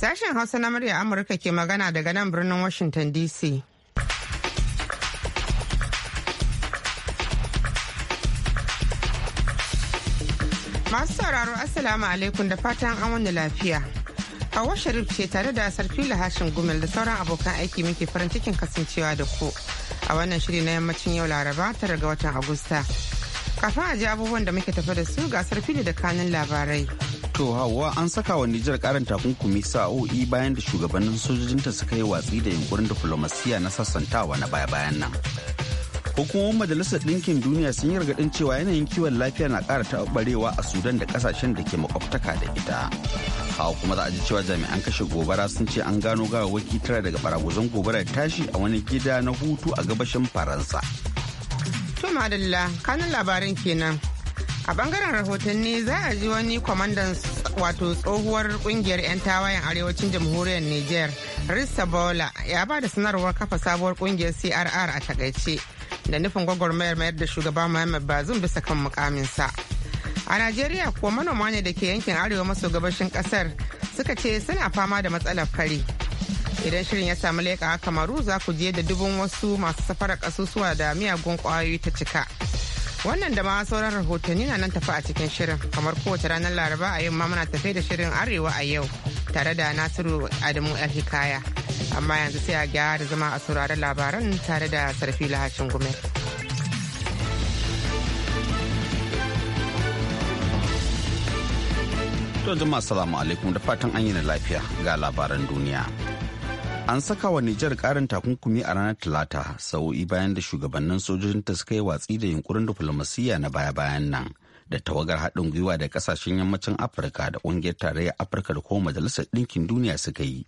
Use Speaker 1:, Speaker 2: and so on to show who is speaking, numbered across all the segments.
Speaker 1: Sashen Hausa na murya Amurka ke magana daga nan birnin Washington DC. Masu sauraro Assalamu alaikum da fatan an wani lafiya. Hawa Sharif ce tare da Sarfila Hashin Gumel da sauran abokan aiki muke farin cikin kasancewa da ku a wannan shiri na yammacin yau Laraba ta ga watan Agusta. Kafin a ji abubuwan da muke tafi da su ga Sarfila da kanin labarai.
Speaker 2: To hawa an saka wa Nijar karin takunkumi sa'o'i bayan da shugabannin sojojinta suka yi watsi da yunkurin diflomasiya na sassantawa na baya-bayan nan. Hukumomin Majalisar Ɗinkin Duniya sun yi gargaɗin cewa yanayin kiwon lafiya na ƙara taɓarewa a Sudan da ƙasashen da ke makwabtaka da ita. Hawa kuma za a ji cewa jami'an kashe gobara sun ce an gano gawawwaki tara daga gobara gobarar tashi a wani gida na hutu a gabashin Faransa.
Speaker 1: To madalla, kanin labarin kenan. a bangaren rahotanni za a ji wani kwamandan wato tsohuwar kungiyar 'yan tawayen arewacin jamhuriyar niger rissa bola ya ba da sanarwar kafa sabuwar kungiyar crr a takaice da nufin gwagwarmayar mayar da shugaba muhammad bazum bisa kan mukaminsa a najeriya kuwa manoma ne da ke yankin arewa maso gabashin kasar suka ce suna fama da matsalar kare idan shirin ya samu leƙa kamaru za ku je da dubin wasu masu safarar kasusuwa da miyagun kwayoyi ta cika Wannan da ma sauran rahotanni na nan tafi a cikin shirin kamar kowace ranar Laraba a yau ma muna tafi da shirin Arewa a yau tare da Nasiru Adamu El Hikaya. Amma yanzu sai a gyara zama a sauraron labaran tare da Sarfi Lahashin Gumel.
Speaker 2: To masu salamu alaikum da fatan an yi na lafiya ga labaran duniya. An saka wa Nijar karin takunkumi a ranar Talata, sau'i bayan da shugabannin sojojinta suka yi watsi da yunkurin diflomasiyya na baya-bayan nan. da tawagar haɗin gwiwa da kasashen yammacin afirka da ƙungiyar tarayyar afirka da kuma majalisar ɗinkin duniya suka yi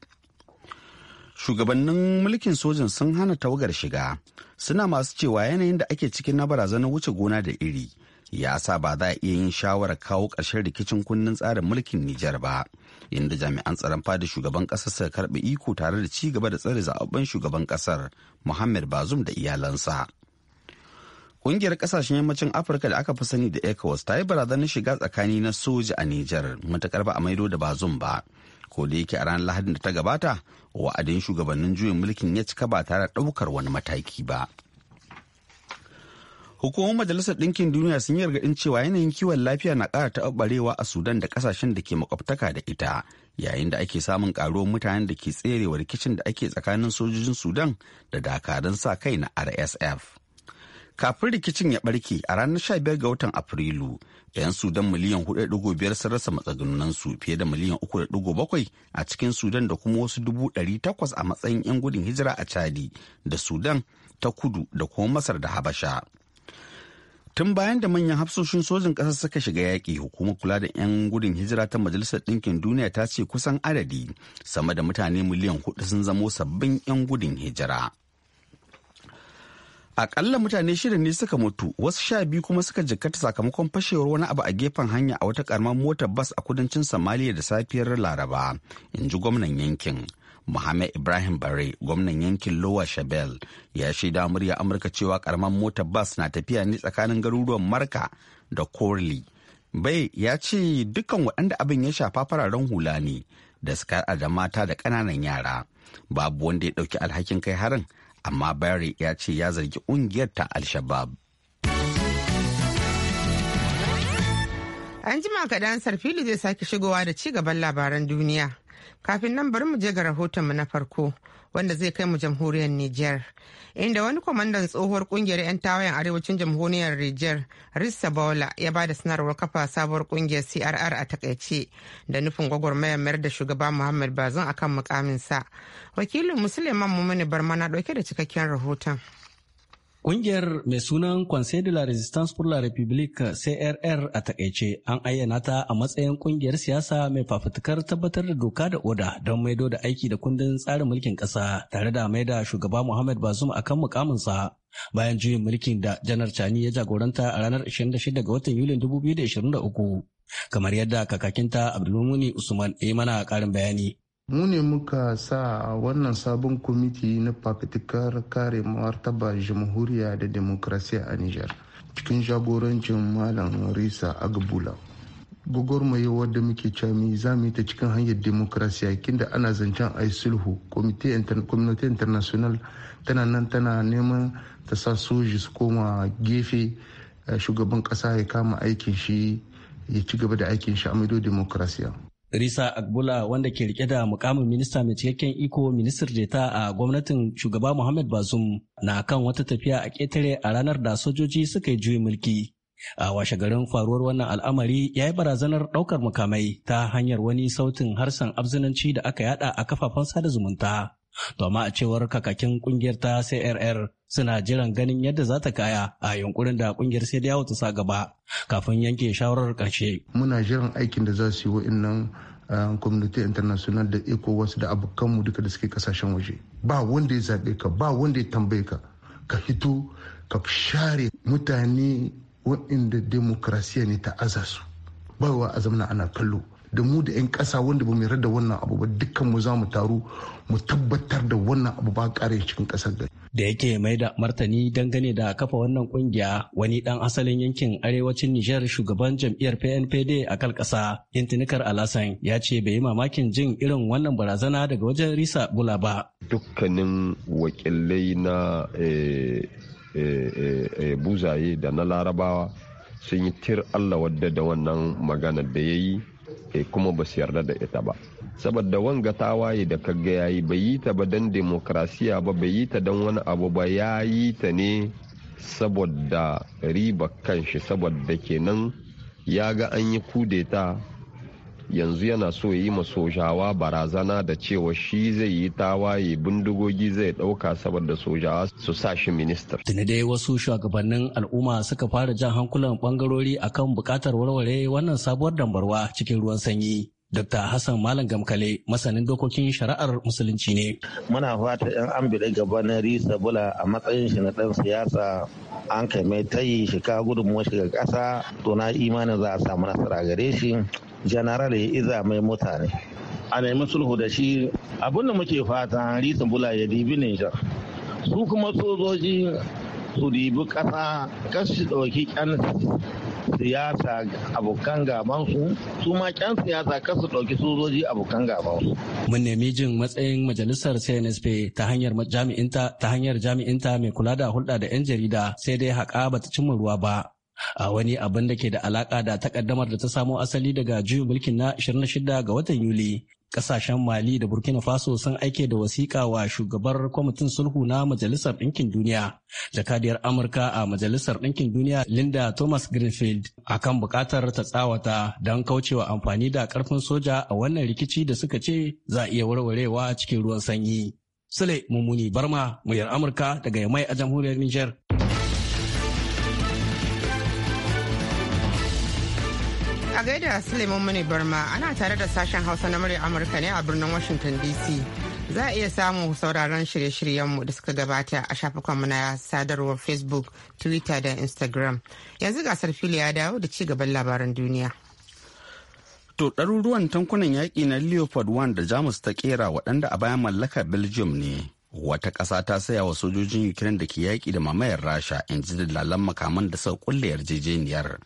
Speaker 2: shugabannin mulkin sojin sun hana tawagar shiga suna masu cewa yanayin da ake cikin na barazanar wuce gona da iri ya sa ba za a iya yin shawarar kawo ƙarshen rikicin kunnen tsarin mulkin Nijar ba, inda jami'an tsaron fada shugaban ƙasar suka karɓi iko tare da ci gaba da tsare zaɓaɓɓen shugaban ƙasar Muhammad Bazum da iyalansa. Ƙungiyar ƙasashen yammacin Afirka da aka fi sani da ECOWAS ta yi barazanar shiga tsakani na soja a Nijar, matuƙar ba a maido da Bazum ba. Ko da yake a ranar Lahadin da ta gabata, wa'adin shugabannin juyin mulkin ya cika ba tare da ɗaukar wani mataki ba. Hukumomin Majalisar Ɗinkin Duniya sun yi gargaɗin cewa yanayin kiwon lafiya na ƙara taɓarewa a Sudan da ƙasashen da ke makwabtaka da ita, yayin da ake samun ƙaruwar mutanen da ke tserewa rikicin da ake tsakanin sojojin Sudan da dakarun sa kai na RSF. Kafin rikicin ya barke a ranar 15 ga watan Afrilu, 'yan Sudan miliyan 4.5 sun rasa matsagunansu fiye da miliyan 3.7 a cikin Sudan da kuma wasu 800 a matsayin 'yan gudun hijira a Chadi da Sudan ta kudu da kuma Masar da Habasha. tun bayan da manyan hafsoshin sojin ƙasar suka shiga yaƙi hukumar kula da 'yan gudun hijira ta majalisar ɗinkin duniya ta ce kusan adadi sama da mutane miliyan hudu sun zamo sabbin 'yan gudun hijira akalla mutane shida ne suka mutu wasu sha biyu kuma suka jikkata sakamakon fashewar wani abu a gefen hanya a wata karamar motar bas a kudancin samaliya da safiyar laraba in ji gwamnan yankin Muhammad Ibrahim Bare gwamnan yankin Lower Shabelle ya shaida murya Amurka cewa karamar motar bas na tafiya ne tsakanin garuruwan Marka da Corley. Bai ya ce dukkan waɗanda abin ya shafa fararen hula ne da suka da mata da ƙananan yara. Babu wanda ya ɗauki alhakin kai harin, amma Bare ya ce ya zargi ƙungiyar ta Al-Shabab.
Speaker 1: An jima kaɗan Sarfili zai sake shigowa da ci gaban labaran duniya. Kafin nan bari mu je ga rahotonmu na farko wanda zai kai mu jamhuriyar Nijar. Inda wani kwamandan tsohuwar kungiyar 'yan tawayen arewacin jamhuriyar Nijar, Rissa Bola, ya ba da sanarwar kafa sabuwar kungiyar CRR a takaice da nufin gwagwarmayar mayar da shugaba Muhammad Bazin akan mukaminsa. Wakilin Musulman Mumini Barma na dauke da cikakken rahoton.
Speaker 3: Ƙungiyar mai sunan Conseil de la Resistance pour la République CRR a takaice an ayyana ta a matsayin ƙungiyar siyasa mai fafutukar tabbatar da doka da oda don maido da aiki da kundin tsarin mulkin ƙasa tare da da shugaba Muhammad Bazoum kan mukaminsa bayan juyin mulkin da Janar Chani ya jagoranta a ranar 26 ga watan Yulin 2023. Kamar yadda kakakinta Abdulmumuni Usman ya yi mana ƙarin bayani.
Speaker 4: mu ne muka sa wannan sabon kwamiti na fafitikar kare martaba jamhuriya da demokrasiya a niger cikin jagorancin malam risa agbula gwagwarmaye wadda muke cami za mu yi ta cikin hanyar demokrasiya kinda ana zancen a sulhu community international tana nan tana neman ta sa soji su koma gefe eh, shugaban kasa ya kama aikin shi ya ci gaba da aikin shi a maido demokrasiya Risa Agbula wanda ke rike da mukamin
Speaker 3: minista mai cikakken iko ministar deta a gwamnatin shugaba Muhammad Bazum na kan wata tafiya a ƙetare a ranar da sojoji suka yi juyin mulki. A washe garin faruwar wannan al'amari ya yi barazanar ɗaukar mukamai ta hanyar wani sautin harsan abzinanci da aka yada a kafafen sada zumunta. To a cewar kakakin kungiyar ta CRR suna jiran ganin yadda za ta kaya a yunkurin da kungiyar sai yawo ta sa gaba kafin yanke shawarar
Speaker 4: karshe. Muna jiran aikin da za su yi wa'innan eh, community international da ECOWAS da abokanmu duka da suke kasashen waje. Ba wanda ya zaɓe ka, ba wanda ya tambaye ka, ka fito ka share mutane wa'inda demokrasiya ne ta aza su. Ba wa azamna ana kallo. da mu da 'yan ƙasa wanda ba mu yarda da wannan abu ba dukkan mu za mu taru mu tabbatar da wannan abu ba ƙare cikin ƙasar da. Da yake mai da
Speaker 3: martani dangane da kafa wannan kungiya wani dan asalin yankin arewacin Nijar shugaban jam'iyyar PNPD a kalkasa ƙasa Intinikar Alasan ya ce bai yi mamakin jin irin wannan barazana daga wajen Risa Bula ba.
Speaker 2: Dukkanin wakilai na eh, eh, eh, buzaye da na larabawa sun yi tir Allah wadda da wannan maganar da ya yi Eh, kuma ba su yarda da ita ba saboda wanga ta waye da ka kaga yayi bai yi ta ba don demokrasiya ba bai yi ta don wani abu ba ya yi ta ne saboda riba kanshi saboda kenan ya ga an yi kudeta yanzu yana so ya yi ma sojawa barazana da cewa shi zai yi tawaye bindigogi zai ɗauka saboda sojawa su sa shi minista. Tuni
Speaker 3: dai wasu shugabannin al'umma suka fara jan hankulan bangarori akan bukatar warware wannan sabuwar dambarwa cikin ruwan sanyi. Dr. Hassan Malam Gamkale masanin dokokin shari'ar musulunci ne.
Speaker 5: Muna fata yan an na risa Bula a matsayin shi na ɗan siyasa an kai mai tayi shiga gudunmuwa shiga ƙasa to na imanin za a samu nasara gare shi general ya iza mai mutane. A nemi sulhu da shi abin da muke fata Risa Bula ya dibi Nijar. Su kuma sojoji su dibi ƙasa kashi ɗauki ƙyan siyasa abokan gabansu su ma kyan siyasa kar su ɗauki sojoji abokan su.
Speaker 3: Mun nemi jin matsayin majalisar CNSP ta hanyar jami'inta ta hanyar jami'inta mai kula da hulɗa da 'yan jarida sai dai haƙa ta cimma ruwa ba. a wani abin da ke da alaka da takaddamar da ta samo asali daga juyin mulkin na 26 ga watan Yuli Kasashen Mali da Burkina Faso sun aike da wasiƙa wa shugabar kwamitin sulhu na Majalisar Ɗinkin Duniya, jakadiyar Amurka a Majalisar Ɗinkin Duniya Linda Thomas Greenfield a kan buƙatar ta tsawata don kaucewa amfani da ƙarfin soja a wannan rikici da suka ce za a iya warwarewa cikin ruwan sanyi. Sule Mummuni Barma, muryar Amurka daga Yamai a jamhuriyar
Speaker 1: Niger. A gaida Suleiman mani Barma ana tare da sashen Hausa na murya Amurka ne a birnin Washington DC. Za a iya samun sauraron shirye-shiryenmu da suka gabata a shafukanmu na sadarwar Facebook, Twitter da Instagram. Yanzu gasar fili ya dawo da ci gaban labaran duniya.
Speaker 2: To ɗaruruwan tankunan yaƙi na Leopard 1 da Jamus ta ƙera waɗanda a bayan mallaka Belgium ne. Wata ƙasa ta saya wa sojojin Ukraine da ke yaƙi da mamayar Rasha in ji da dalalan makaman da suka kulle yarjejeniyar.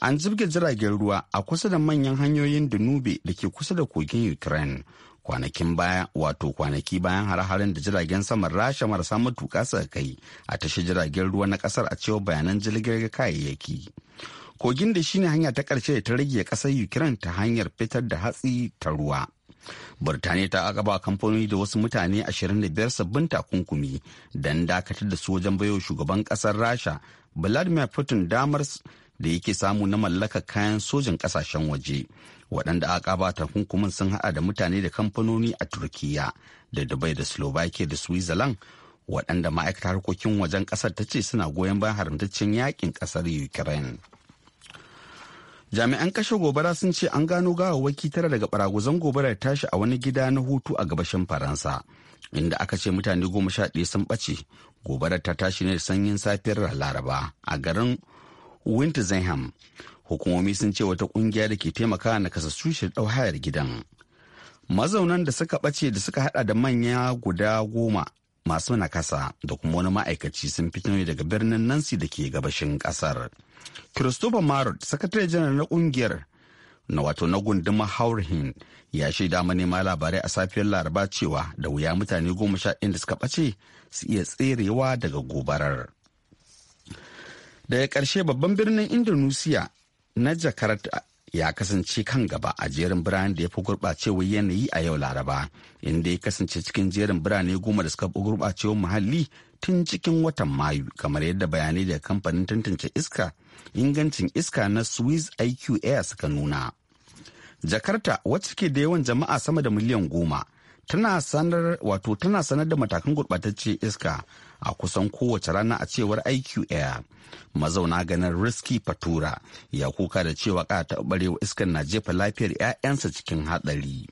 Speaker 2: an zubge jiragen ruwa a kusa da manyan hanyoyin danube da ke kusa da kogin ukraine kwanakin baya wato kwanaki bayan hare-haren da jiragen saman rasha marasa matuka suka kai a tashi jiragen ruwa na kasar a cewa bayanan jirgin kayayyaki kogin da shine hanya ta karshe da ta rage kasar ukraine ta hanyar fitar da hatsi ta ruwa Birtaniya ta akaba kamfanoni da wasu mutane 25 sabbin takunkumi don dakatar da su wajen bayo shugaban kasar Rasha Vladimir Putin damar da yake samu na mallakar kayan sojin kasashen waje waɗanda aka bata hukumin sun haɗa da mutane da kamfanoni a turkiya da dubai da slovakia da switzerland waɗanda ma'aikatar harkokin wajen ƙasar ta ce suna goyon bayan haramtaccen yakin ƙasar ukraine jami'an kashe gobara sun ce an gano gawawwaki tara daga baraguzan gobarar tashi a wani gida na hutu a gabashin faransa inda aka ce mutane goma sha ɗaya sun ɓace gobarar ta tashi ne da sanyin safiyar laraba a garin Winterzenham. Hukumomi sun ce wata kungiya da ke taimaka na kasassu shi hayar gidan. Mazaunan da suka ɓace da suka haɗa da manya guda goma masu nakasa da kuma wani ma'aikaci sun fito ne daga birnin Nancy da ke gabashin ƙasar. Christopher Marot, sakatare janar na ƙungiyar na wato na gunduma Haurhin ya shaida manema labarai a safiyar Laraba cewa da wuya mutane goma sha da suka ɓace su iya tserewa daga gobarar. daga ƙarshe babban birnin indonesia na jakarta ya kasance kan gaba a jerin birane da ya fi gurɓacewar yanayi a yau laraba inda ya kasance cikin jerin birane goma da suka fi gurɓacewar muhalli tun cikin watan mayu kamar yadda bayanai daga kamfanin tantance iska ingancin iska na swiss iq air suka nuna jakarta wacce ke da yawan jama'a sama da miliyan goma tana sanar wato tana sanar da matakan gurɓatacce iska a kusan kowace rana a cewar IQAir, Mazauna ganin Riski Fatura ya kuka da cewa ƙara taɓarewa iskar na jefa lafiyar 'ya'yansa cikin haɗari.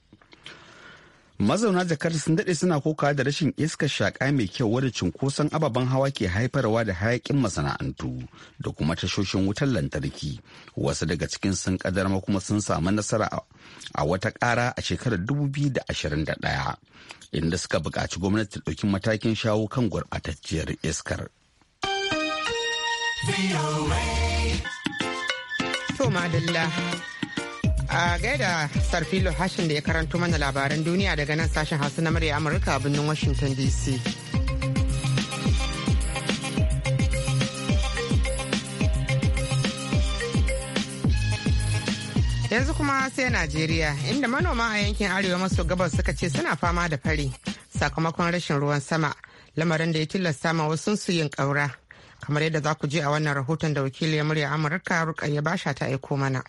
Speaker 2: mazauna jakarta sun daɗe suna kokawa da rashin iskar shaƙa mai kyau wadda cunkoson ababen hawa ke haifarwa da hayakin masana'antu da kuma tashoshin wutar lantarki wasu daga cikin sun kadarma kuma sun samu nasara a wata ƙara a shekarar da da ashirin 2021 inda suka buƙaci gwamnati ta ɗauki matakin shawo kan gurɓatacciyar iskar.
Speaker 1: To madalla A gaida Sarfilo Hashin da ya karanto mana labaran duniya daga nan sashen Hausa na murya Amurka a birnin Washington DC. Yanzu kuma sai Najeriya inda manoma a yankin arewa maso gabas suka ce suna fama da fari sakamakon rashin ruwan sama lamarin da ya tilasta ma wasu su yin ƙaura. Kamar yadda za ku je a wannan rahoton da wakiliyar murya Amurka Rukayya Basha ta aiko mana.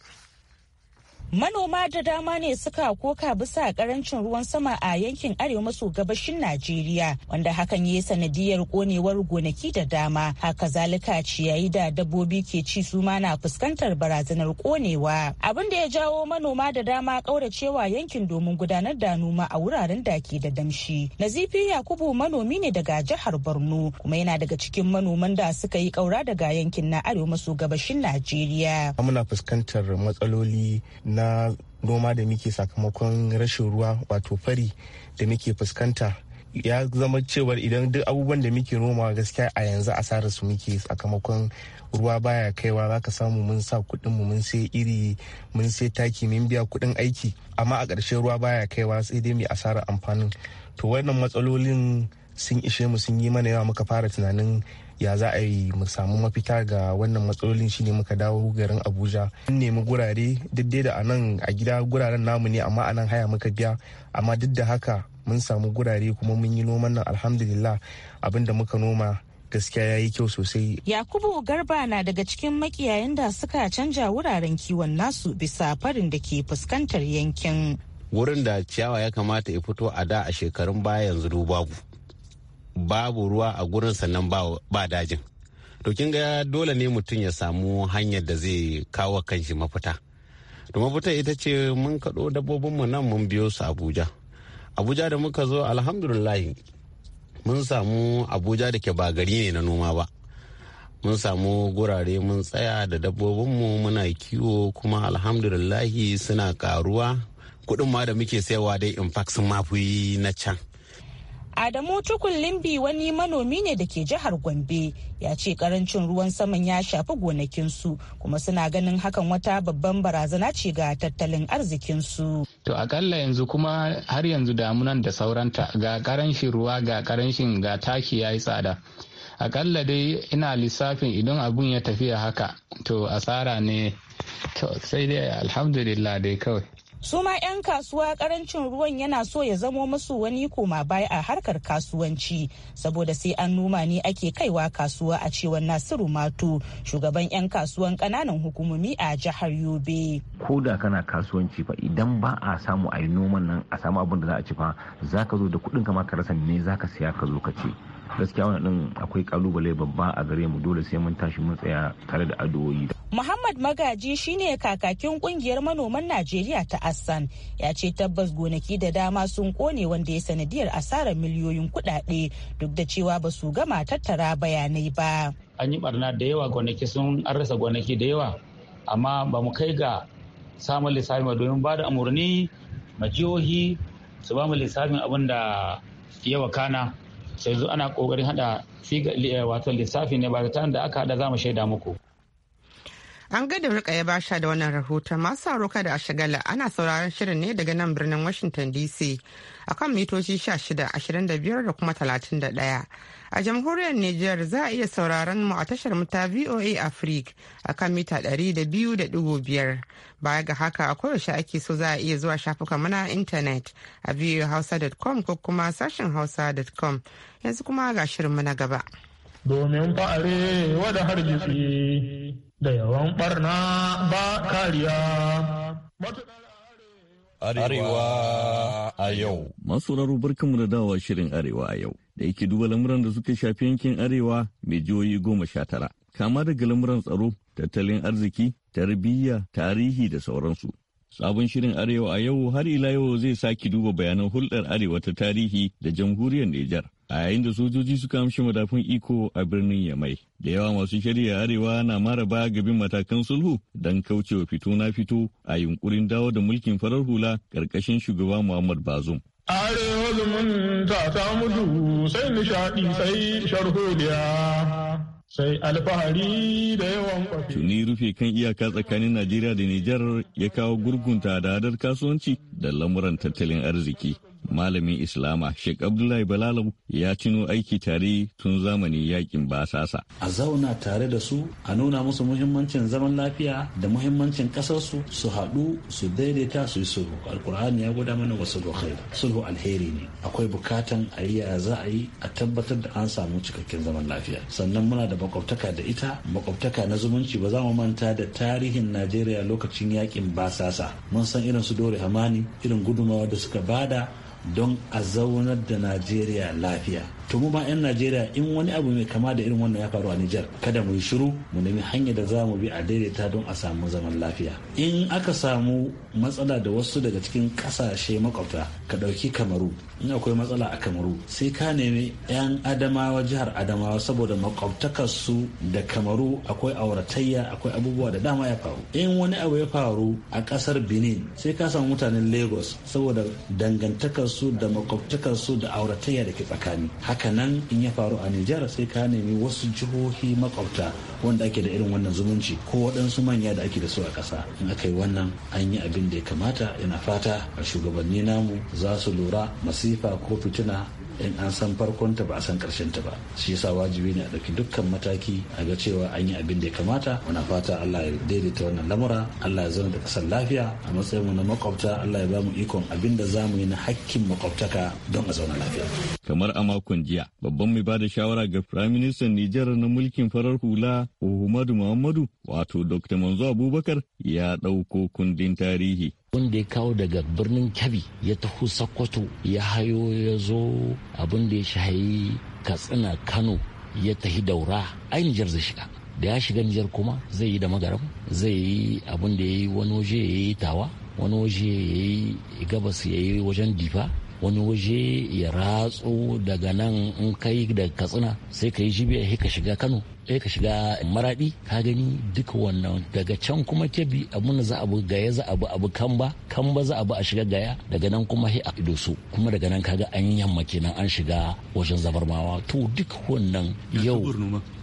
Speaker 1: manoma da dama ne suka koka bisa karancin ruwan sama a
Speaker 6: yankin arewa maso gabashin najeriya wanda hakan ya yi sanadiyar konewar gonaki da dama haka zalika ciyayi da dabbobi ke ci su ma na fuskantar barazanar konewa abin da ya jawo manoma da dama kauracewa yankin domin gudanar da noma a wuraren da ke da damshi nazifi yakubu manomi ne daga jihar borno kuma yana daga cikin manoman da suka yi kaura daga yankin na arewa maso gabashin najeriya
Speaker 4: muna fuskantar matsaloli na noma da muke sakamakon rashin ruwa wato fari da muke fuskanta ya zama cewar idan duk abubuwan da muke noma gaskiya a yanzu asarar su muke sakamakon ruwa baya kaiwa za ka samu mun sa kudin mu mun sai iri mun sai taki mun biya kuɗin aiki amma a ƙarshe ruwa baya kaiwa sai dai mai asarar amfanin to wannan matsalolin sun ishe mu sun yi mana yawa muka fara tunanin ya za a yi mu samu mafita ga wannan matsalolin shine muka dawo garin abuja mun nemi gurare daidai da anan a gida guraren namu ne amma anan haya muka biya amma duk da haka mun samu gurare kuma mun yi noman nan alhamdulillah abinda muka noma gaskiya ya yi kyau sosai.
Speaker 6: Yakubu Garba na daga cikin makiyayan da suka canja wuraren kiwon nasu bisa farin da ke fuskantar yankin.
Speaker 2: Wurin da ciyawa ya kamata ya fito a da a shekarun baya yanzu babu. babu ruwa a gurin sannan ba dajin to kin ga dole ne mutum ya samu hanyar da zai kawo kanshi mafita to mafita ita ce mun kaɗo dabbobinmu nan mun biyo su abuja abuja da muka zo alhamdulillah mun samu abuja da ke ba gari ne na noma ba mun samu gurare mun tsaya da dabbobinmu muna kiwo kuma alhamdulillah suna karuwa kuɗin ma da muke sayawa dai in sun mafi na can
Speaker 6: Adamu Tukun wani manomi ne da ke jihar Gombe ya ce karancin ruwan saman ya shafi gonakinsu kuma suna ganin hakan wata babban barazana ce ga tattalin arzikinsu.
Speaker 7: To akalla yanzu kuma har yanzu damunan da sauranta ga karancin ruwa ga karancin ga taki ya yi tsada. Akalla dai ina lissafin idan abun ya tafiya haka to asara ne. To sai dai alhamdulillah dai kawai.
Speaker 6: su ma 'yan kasuwa karancin ruwan yana so ya zamo musu wani koma baya a harkar kasuwanci saboda sai an numa ne ake kaiwa kasuwa a cewar nasiru mato shugaban 'yan kasuwan kananan hukumomi a jihar yobe
Speaker 8: ko da kana kasuwanci fa idan ba a samu a yi noman nan a samu abin da za a ci fa za ka zo da kuɗin kama ka rasa ne za ka siya ka zo ka ce gaskiya wannan din akwai kalubale babba a gare mu dole sai mun tashi mun tsaya tare da addu'o'i
Speaker 6: Muhammad Magaji shine kakakin kungiyar manoman Najeriya ta Assan ya ce tabbas gonaki da dama sun kone wanda ya sanadiyar asarar miliyoyin kudade duk da cewa ba su gama tattara bayanai ba.
Speaker 8: An yi barna da yawa gonaki sun an rasa gonaki da yawa amma ba mu kai ga samun lissafi ba domin ba da amurni majiyohi su ba mu lissafin abin da yawa kana sai yanzu ana kokarin hada eh, wato lissafi ne ba da da aka hada za mu shaida muku
Speaker 1: An gada rika ya basha da wannan rahoton masu roka da a shagala ana sauraron shirin ne daga nan birnin Washington DC akan mitoci 16, 25 da kuma 31. A jamhuriyar Nijar za a iya sauraron mu a tashar ta VOA Africa a kan mita 200.5. Baya ga haka a koyaushe ake so za a iya zuwa shafukan mana intanet a voahausa.com ko kuma sashen hausa.com yanzu kuma ga shirin na gaba. Domin
Speaker 7: fa'are da yawan barna ba kariya.
Speaker 9: Arewa a yau. Masu barkanmu da dawa shirin Arewa a yau, da yake duba lamuran da suka shafi yankin Arewa mai jihohi goma sha tara, kama daga lamuran tsaro, tattalin arziki, tarbiyya, tarihi da sauransu. Sabon shirin Arewa a yau har ila yau zai sake duba bayanan hulɗar Arewa ta tarihi da jamhuriyar Nijar. A yayin da sojoji suka amshi madafun iko a birnin Yamai. Da yawa masu shirya Arewa na maraba gabin matakan sulhu don kaucewa fito na fito a yunkurin dawo da mulkin farar hula ƙarƙashin shugaba Muhammad Bazum.
Speaker 7: Arewa zumunta ta mutu sai nishaɗi sai sharholiya. sai alfahari da yawan kwafi.
Speaker 9: Tuni rufe kan iyaka tsakanin Najeriya da Nijar ya kawo gurgunta da hadar kasuwanci da lamuran tattalin arziki. malamin islama sheik abdullahi balalau ya tuno aiki tare tun zamanin yakin basasa
Speaker 5: a zauna tare da su a nuna musu muhimmancin zaman lafiya da muhimmancin kasarsu su haɗu su daidaita su yi sulhu alkur'ani ya gwada mana wasu dokai sulhu alheri ne akwai bukatan a yi za a yi a tabbatar da an samu cikakken zaman lafiya sannan muna da makwabtaka da ita makwabtaka na zumunci ba za mu manta da tarihin najeriya lokacin yakin basasa mun san irin su dore hamani irin gudumawa da suka bada don a zaunar da najeriya lafiya to mu ba 'yan najeriya in wani abu mai kama da irin wannan ya faru a nijar kada mu yi shiru mu nemi hanyar da za mu bi a daidaita don a samu zaman lafiya in aka samu matsala da wasu daga cikin kasashe makwabta ka ɗauki kamaru in akwai matsala a kamaru sai ka nemi 'yan adamawa jihar adamawa saboda makwabtakarsu da kamaru akwai auratayya akwai abubuwa da dama ya faru in wani abu ya faru a ƙasar benin sai ka samu mutanen lagos saboda dangantakarsu su da makwabtakar su da auratayya da ke tsakani haka nan in ya faru a Nijar sai ka nemi wasu jihohi makwabta wanda ake da irin wannan zumunci ko waɗansu manya da ake da su a ƙasa in aka yi wannan an yi abin da ya kamata ina fata a shugabanni namu za su lura masifa ko fitina in an san farkon ta ba a san karshen ta ba shi yasa wajibi ne a ɗauki dukkan mataki a ga cewa an yi abin da ya kamata muna fata Allah ya daidaita wannan lamura Allah ya zauna da kasar lafiya a matsayin mu na makwabta Allah ya bamu ikon abin da za mu yi na hakkin makwabtaka don
Speaker 9: a zauna lafiya kamar a makon jiya babban mai bada shawara ga Prime Minister Nijar na mulkin farar hula Muhammadu Muhammadu wato Dr. Manzo Abubakar ya ɗauko kundin tarihi wanda ya kawo daga birnin kyabi ya taho sokoto ya hayo
Speaker 8: ya zo abin ya shahayi katsina kano ya tahi daura ai nijar zai shiga da ya shiga nijar kuma zai yi da magaram zai yi abin da ya yi wani waje ya yi tawa wani waje ya yi gabas ya yi wajen difa wani waje ya ratso daga nan in kai da katsina sai ka yi jibiya sai ka shiga kano sai ka shiga maraɗi ka gani duka wannan daga can kuma kebi abun za a bi gaya za a bi abu kan ba za a bi a shiga gaya daga nan kuma he a ido su kuma daga nan kaga an yamma kenan an shiga wajen zabarmawa to duk wannan yau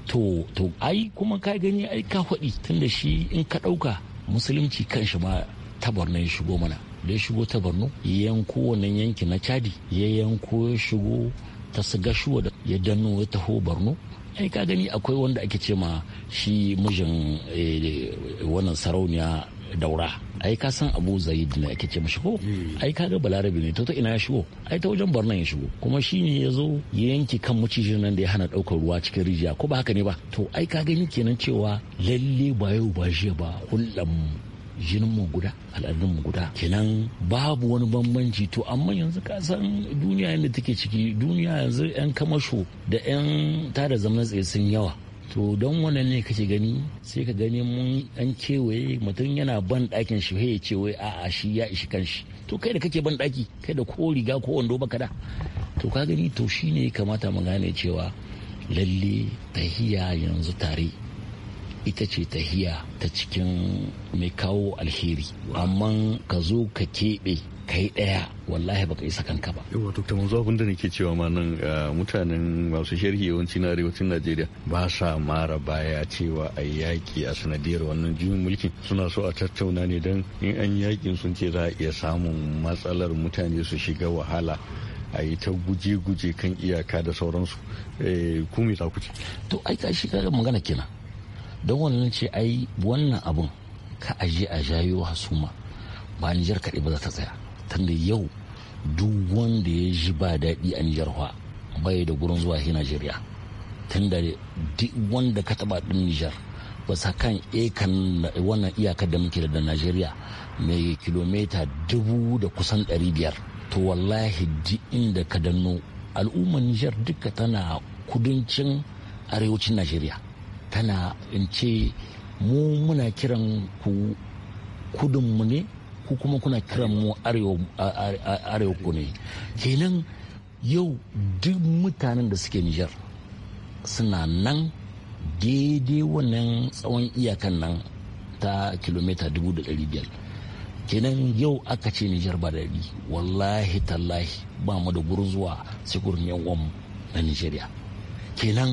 Speaker 8: to to ai kuma ka gani ai ka faɗi tunda shi in ka ɗauka musulunci kan shi ma tabar ya shigo mana da ya shigo ta borno ya yanko wannan yanki na chadi ya yanko ya shigo ta gashuwa da ya danno ya taho borno ai ka gani akwai wanda ake ce ma shi mijin eh, wannan sarauniya daura ai ka san abu zaid ne ake ce mashi ko eh. ai ka ga balarabe ne to ta ina ya shigo ai ta wajen barnan ya shigo kuma shi ne ya zo ya yanki kan macijin nan da ya hana daukar ruwa cikin rijiya ko ba haka ne ba to ai ka gani kenan cewa lalle ba yau ba jiya ba hulɗan mu guda al'adun mu guda kenan babu wani bambanci to amma yanzu ka san duniya yadda take ciki duniya yanzu 'yan kamasho da 'yan tada zaman tsaye sun yawa to don wannan ne kake gani sai ka gani mun an kewaye mutum yana ban ɗakin shi ya ce wai a'a shi ya ishi kanshi to kai da kake ban ɗaki kai da ko riga ko wando baka da to ka gani to shine kamata mu gane cewa lalle tahiya yanzu tare ita ce ta hiya ta cikin mai kawo alheri amma ka zo ka keɓe kai ɗaya wallahi baka isa kanka ba.
Speaker 9: Yawa ta Manzo abinda da nake cewa ma nan eh, mutanen masu sharhi yawanci na arewacin Najeriya ba sa mara baya cewa a yaƙi a sanadiyar wannan juyin mulkin suna so a tattauna ne don in an yaƙin sun ce za a iya samun matsalar mutane su shiga wahala a yi ta guje-guje kan iyaka da sauransu. Eh, ku me za ku
Speaker 8: To ai ka shi magana kenan. don wannan ce ai wannan abun ka aje a jayo hasuma ba Nijar kaɗai ba za ta tsaya tunda yau duk wanda ya ji ba daɗi a Nijar fa bai da gurin zuwa shi Najeriya tunda duk wanda ka taɓa ɗin Nijar ba sa kan ekan wannan iyakar da muke da Najeriya mai kilomita dubu da kusan ɗari biyar to wallahi duk inda ka danno al'ummar Nijar duka tana kudancin arewacin Najeriya tana in ce mu muna kiran ku kudinmu ne ku kuma kuna kiran mu arewa ku ne kenan yau duk mutanen da suke nijar suna nan daidai wannan tsawon iyakan nan ta kilomita 500 kenan yau aka ce nijar ba daɗi wallahi tallahi ba mu da gurzuwa sai gurin yan na nijeriya kenan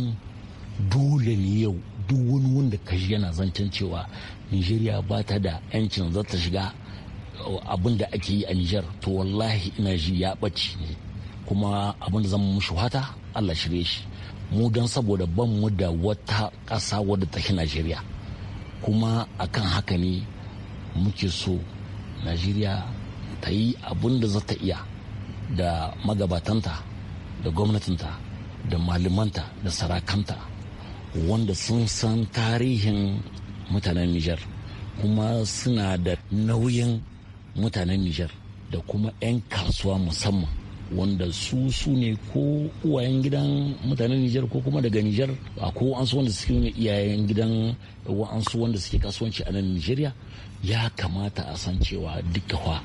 Speaker 8: dole ne yau duk wani wanda ka shiga na zancen cewa nigeria ba ta da 'yancin za ta shiga uh, abin da ake yi a niger to wallahi ina ji ya ɓaci ne kuma abin da zan mushi wata allah shirye shi mu don saboda ban mu da wata ƙasa wadda ta shi nigeria kuma akan haka ne muke so nigeria ta yi abin da za ta iya da magabatanta da gwamnatinta da malamanta, da sarakanta wanda sun san tarihin mutanen Nijar kuma suna da nauyin mutanen Nijar da kuma 'yan kasuwa musamman wanda su su ne ko uwayen gidan mutanen Nijar ko kuma daga Nijar a ko an su wanda suke iyayen gidan su wanda suke kasuwanci a nan Nijeriya ya kamata a san cewa duka fa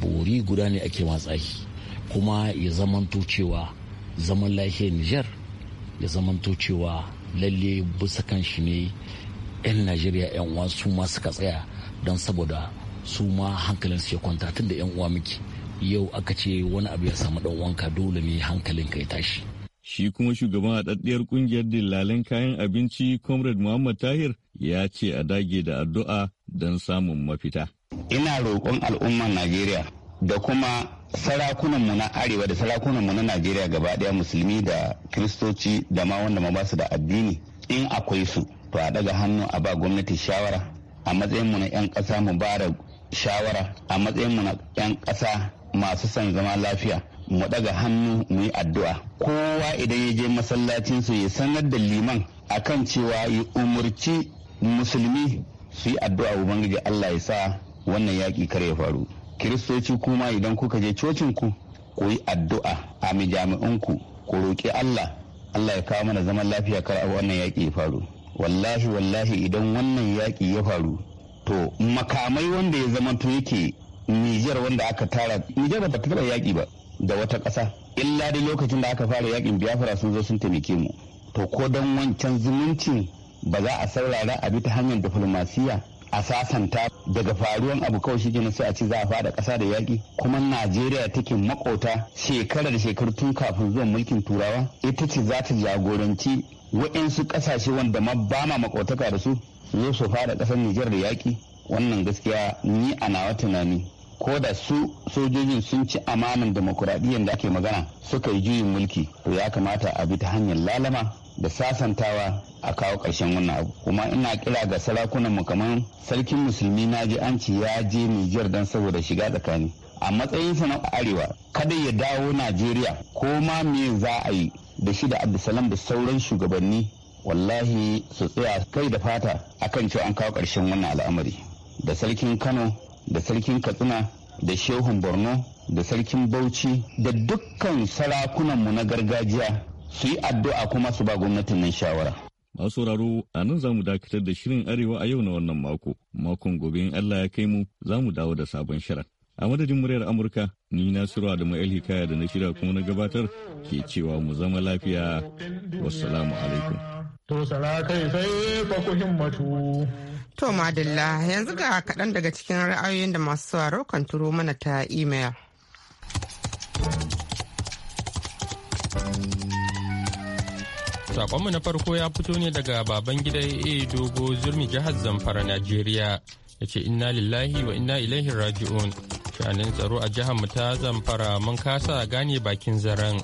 Speaker 8: bori guda ne ake matsayi kuma ya zamanto cewa zaman lafiyar Nijar ya zamanto cewa lalle bisa kan shi ne 'yan najeriya 'yan uwa su ma suka tsaya don saboda su ma hankalin su ya kwanta tun da 'yan uwa miki yau aka ce wani abu ya samu dan wanka dole
Speaker 9: ne hankalin ka ya tashi shi kuma shugaban haɗaɗɗiyar ƙungiyar dillalin kayan abinci comrade muhammad tahir ya ce a dage da addu'a don samun mafita
Speaker 10: ina roƙon al'ummar najeriya da kuma sarakunanmu na arewa da sarakunanmu na najeriya gaba daya musulmi da kiristoci da ma wanda ma basu da addini in akwai su to a daga hannu a ba gwamnati shawara a matsayinmu na 'yan ƙasa mu ba da shawara a matsayin mu na 'yan ƙasa masu son zama lafiya mu daga hannu mu yi addu'a kowa idan ya je masallacin su ya sanar da liman akan cewa ya umurci musulmi su yi addu'a ubangiji allah ya sa wannan yaƙi kar ya faru kiristoci kuma idan kuka je cocinku ku yi addu'a a mijami'unku ku roƙi allah allah ya kawo mana zaman lafiya kar a wannan yaƙi ya faru wallahi wallahi idan wannan yaƙi ya faru to makamai wanda ya zama to yake nijar wanda aka tara nijar ba ta taɓa yaƙi ba da wata ƙasa illa dai lokacin da aka fara yaƙin biafra sun zo sun taimake mu to ko don wancan zumuncin ba za a saurara a bi ta hanyar diflomasiya a sasanta daga faruwan abu kawai shi gina sai a ci za a fara ƙasa da yaƙi kuma najeriya take makota shekara da shekaru tun kafin zuwan mulkin turawa ita ce za ta jagoranci waɗansu ƙasashe wanda ma ba ma makotaka da su zo su fara ƙasar nijar da yaƙi wannan gaskiya ni a nawa tunani ko da su sojojin sun ci amanan demokuraɗiyyar da ake magana suka yi juyin mulki to ya kamata a bi ta hanyar lalama da sasantawa a kawo ƙarshen wannan abu kuma ina kira ga sarakunan mu kamar sarkin musulmi na ji an ci ya je Nijar don saboda shiga tsakani a matsayinsa na arewa kada ya dawo Najeriya ko ma me za a yi da shi da Abdulsalam da sauran shugabanni wallahi su tsaya kai da fata akan cewa an kawo ƙarshen wannan al'amari da sarkin Kano da sarkin katsina da shehun borno da sarkin bauchi da dukkan sarakunanmu na gargajiya su yi addu'a kuma su ba gwamnatin nan shawara. Masu sauraro
Speaker 9: a nan za mu dakatar da shirin Arewa a yau na wannan mako. Makon gobe in Allah ya kai mu za mu dawo da sabon shara. A madadin muryar Amurka, ni na da Ma'il Hikaya da na shirya kuma na gabatar ke cewa mu zama lafiya. Wassalamu alaikum.
Speaker 1: To sai fa himmatu. To Madalla yanzu ga kaɗan daga cikin ra'ayoyin da masu sauraro kan turo mana ta imel.
Speaker 7: Sakonmu na farko ya fito ne daga baban gida AA Dogo Zurmi jihar Zamfara Najeriya ya ce inna lillahi wa inna ilaihi raji'un. Sha'anin tsaro a jihar mu ta Zamfara mun kasa gane bakin zaren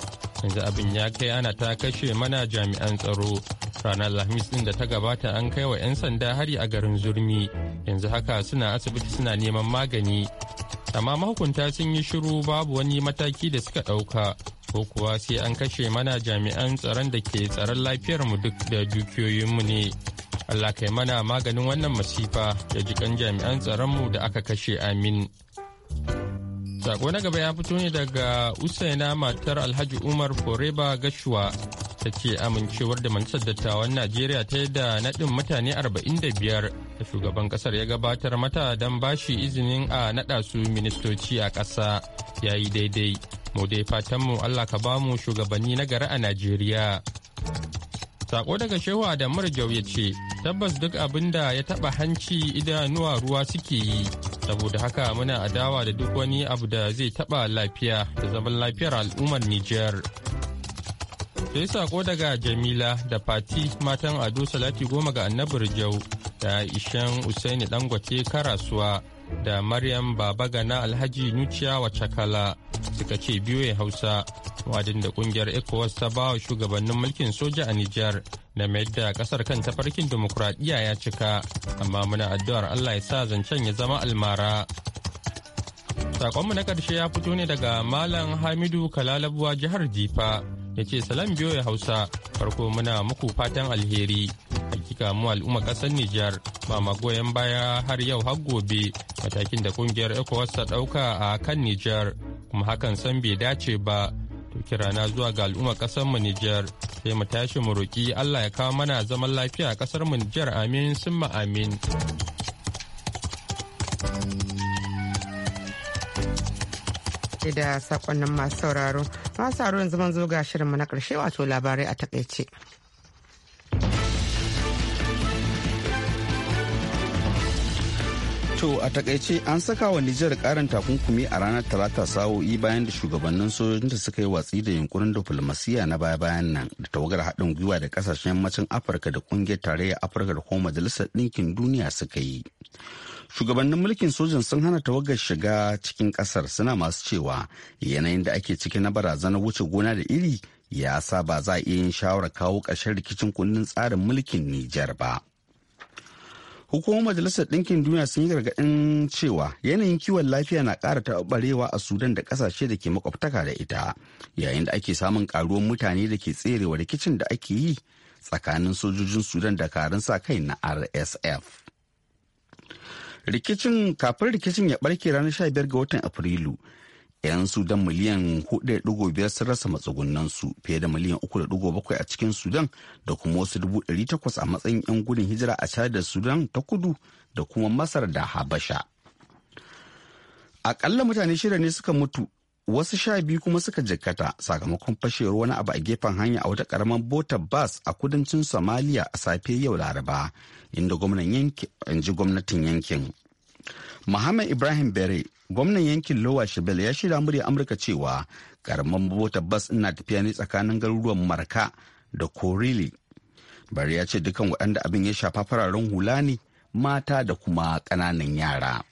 Speaker 7: yanzu abin ya kai ana ta kashe mana jami'an tsaro ranar Alhamis din da ta gabata an kai wa 'yan sanda hari a garin zurmi yanzu haka suna asibiti suna neman magani amma mahukunta sun yi shiru babu wani mataki da suka ɗauka ko kuwa sai an kashe mana jami'an tsaron da ke tsaron lafiyarmu duk da dukiyoyinmu ne Allah kai mana maganin wannan masifa ya jikan jami'an tsaronmu da aka kashe amin. Sako na gaba ya fito ne daga Usaina matar Alhaji Umar Foreba Gashuwa ta ce amincewar da majalisar dattawan Najeriya ta yi da naɗin mutane 45 da shugaban ƙasar ya gabatar mata don shi izinin a naɗa su ministoci a ƙasa ya yi daidai. Mu dai fatanmu Allah ka bamu shugabanni na gari a Najeriya. Sako daga Shehu Adamu Jau ya ce, tabbas duk abin da ya taɓa hanci idanuwa ruwa suke yi. saboda haka muna adawa da duk wani abu da zai taɓa lafiya da zaman lafiyar al'ummar Nijar. Sai sako daga Jamila da Fati matan Ado Salati goma ga annabir Jau da Ishan Usaini Dangote Karasuwa da Maryam Babagana Alhaji Nuciya Wacakala suka ce biyoyi hausa wadin da kungiyar ecowas ta ba shugabannin mulkin soja a nijar na mayar da kasar kan tafarkin dimokuraɗiyya ya cika amma muna addu'ar allah ya sa zancen ya zama almara sakonmu na karshe ya fito ne daga malam hamidu kalalabuwa jihar jifa ya ce salam biyoyi hausa farko muna muku fatan alheri hakika mu al'umma kasar Nijar ba magoyan baya har yau har gobe matakin da kungiyar ECOWAS ta dauka a kan Nijar kuma hakan san bai dace ba to kirana zuwa ga al'umma kasar mu Nijar sai mu tashi mu roki Allah ya kawo mana zaman lafiya a kasar mu Nijar amin summa amin
Speaker 1: da sakonnin masu sauraro masu sauraro yanzu mun zo ga shirinmu na karshe wato labarai a takaice To
Speaker 2: a takaice an saka wa Nijar karin takunkumi a ranar talata sa'o'i bayan da shugabannin sojojin da suka yi watsi da yunkurin diflomasiyya na baya bayan nan da tawagar haɗin gwiwa da kasashen yammacin Afirka da kungiyar tarayyar Afirka da kuma majalisar ɗinkin duniya suka yi. Shugabannin mulkin sojan sun hana tawagar shiga cikin ƙasar suna masu cewa yanayin da ake ciki na barazanar wuce gona da iri ya sa ba za a iya yin shawarar kawo ƙarshen rikicin kundin tsarin mulkin Nijar ba. Hukumar Majalisar Ɗinkin Duniya sun yi gargaɗin cewa yanayin kiwon lafiya na ƙara taɓarewa a Sudan da ƙasashe da ke makwabtaka da ita, yayin da ake samun ƙaruwar mutane da ke tserewa rikicin da ake yi tsakanin sojojin Sudan da karin sa kai na RSF. Rikicin kafin rikicin ya ɓarke ranar 15 ga watan Afrilu, 'yan sudan miliyan 4.5 sun rasa matsugunansu fiye da miliyan 3.7 a cikin sudan da kuma wasu 800 a matsayin 'yan gudun hijira a da sudan ta kudu da kuma masar da habasha akalla mutane shida ne suka mutu wasu sha biyu kuma suka jikkata sakamakon fashewar wani abu a gefen hanya a wata karamar botar bas a kudancin somalia a safe yau laraba inda gwamnatin yankin Muhammad Ibrahim Bere, gwamnan yankin Lowa Shebel ya shirya murya Amurka cewa karamin motar bas ina tafiya ne tsakanin garuruwan Marka da Korili. Bari ya ce dukan waɗanda abin ya shafa fararen hula ne mata da kuma ƙananan yara.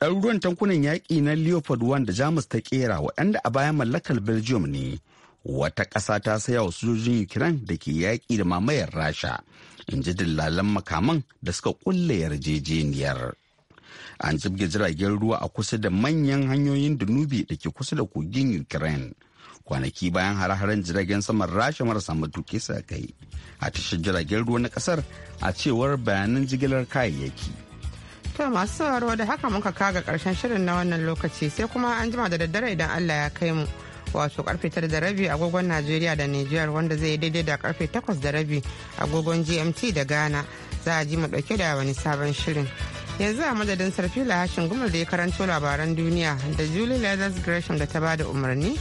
Speaker 2: Ɗaruruwan tankunan yaƙi na Leopard 1 da Jamus ta ƙera waɗanda a baya mallakar Belgium ne. Wata ƙasa ta saya wa sojojin Ukraine da ke yaƙi da mamayar Rasha, in ji dillalan makaman da suka ƙulla yarjejeniyar. an zubge jiragen ruwa a kusa da manyan hanyoyin danube da ke kusa da kogin ukraine kwanaki bayan hare-haren jiragen saman rasha marasa matuƙi sa kai a tashar jiragen ruwa na ƙasar a cewar bayanan jigilar kayayyaki
Speaker 1: to masu sauraro da haka muka kaga karshen shirin na wannan lokaci sai kuma an jima da daddare idan allah ya kai mu wato karfe tara da rabi agogon najeriya da niger wanda zai daidai da karfe takwas da rabi agogon gmt da ghana za a ji mu dauke da wani sabon shirin yanzu a madadin sarfila hashin gumar da ya karanto labaran duniya da julie leathers gresham da ta bada umarni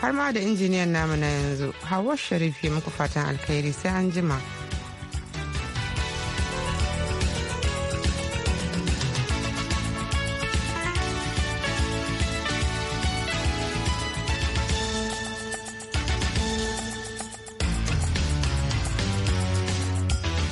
Speaker 1: har ma da injiniyan namu na yanzu hawa sharifi muku fatan alkhairi sai an jima.